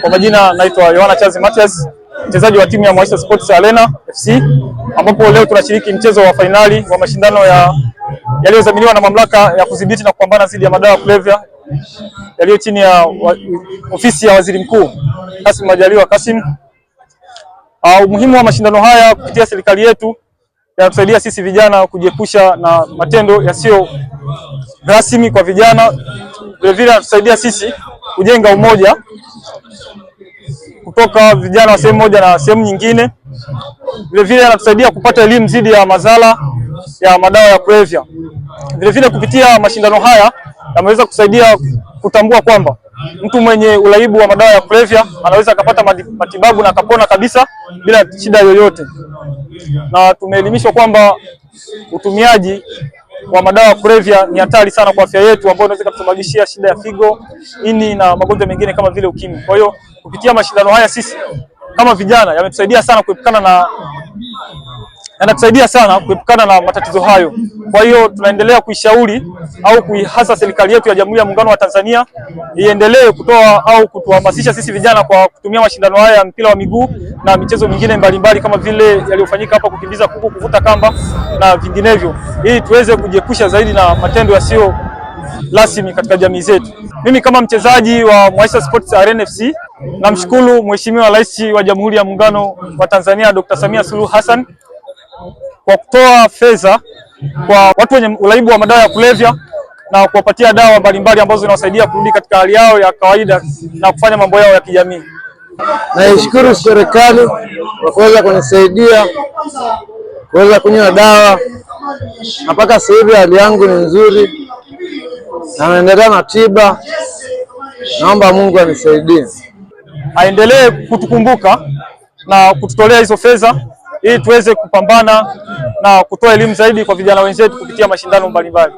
Kwa majina naitwa Yohana Chazi Matias, mchezaji wa timu ya Mwaisha Sports Arena FC, ambapo leo tunashiriki mchezo wa fainali wa mashindano ya yaliyodhaminiwa na mamlaka ya kudhibiti na kupambana dhidi ya madawa ya kulevya yaliyo chini ya wa, ofisi ya Waziri Mkuu Kassim Majaliwa Kassim. Uh, umuhimu wa mashindano haya kupitia serikali yetu yanatusaidia sisi vijana kujiepusha na matendo yasiyo rasmi kwa vijana, vilevile yanatusaidia sisi kujenga umoja kutoka vijana wa sehemu moja na sehemu nyingine. Vilevile anatusaidia kupata elimu dhidi ya madhara ya madawa ya kulevya. Vilevile kupitia mashindano haya yameweza kusaidia kutambua kwamba mtu mwenye uraibu wa madawa ya kulevya anaweza akapata matibabu na akapona kabisa bila shida yoyote, na tumeelimishwa kwamba utumiaji wa madawa kulevya ni hatari sana kwa afya yetu, ambao inaweza kutusababishia shida ya figo, ini na magonjwa mengine kama vile ukimwi. Kwa hiyo kupitia mashindano haya sisi kama vijana yametusaidia sana kuepukana na yanatusaidia sana kuepukana na matatizo hayo. Kwa hiyo tunaendelea kuishauri au kuihasa serikali yetu ya Jamhuri ya Muungano wa Tanzania iendelee kutoa au kutuhamasisha sisi vijana kwa kutumia mashindano haya ya mpira wa miguu na michezo mingine mbalimbali kama vile yaliyofanyika hapa, kukimbiza kuku, kuvuta kamba na vinginevyo, ili tuweze kujiepusha zaidi na matendo yasiyo rasmi katika jamii zetu. Mimi kama mchezaji wa Mwaisha Sports Arena FC namshukuru Mheshimiwa Rais wa Jamhuri ya Muungano wa Tanzania Dr. Samia Suluhu Hassan kwa kutoa fedha kwa watu wenye uraibu wa madawa ya kulevya na kuwapatia dawa mbalimbali ambazo zinawasaidia kurudi katika hali yao ya kawaida na kufanya mambo yao ya kijamii. Naishukuru serikali kwa kuweza kunisaidia kuweza kunywa dawa, na mpaka sasa hivi hali yangu ni nzuri na naendelea na tiba. Naomba Mungu anisaidie, aendelee kutukumbuka na kututolea hizo fedha ili tuweze kupambana na kutoa elimu zaidi kwa vijana wenzetu kupitia mashindano mbalimbali.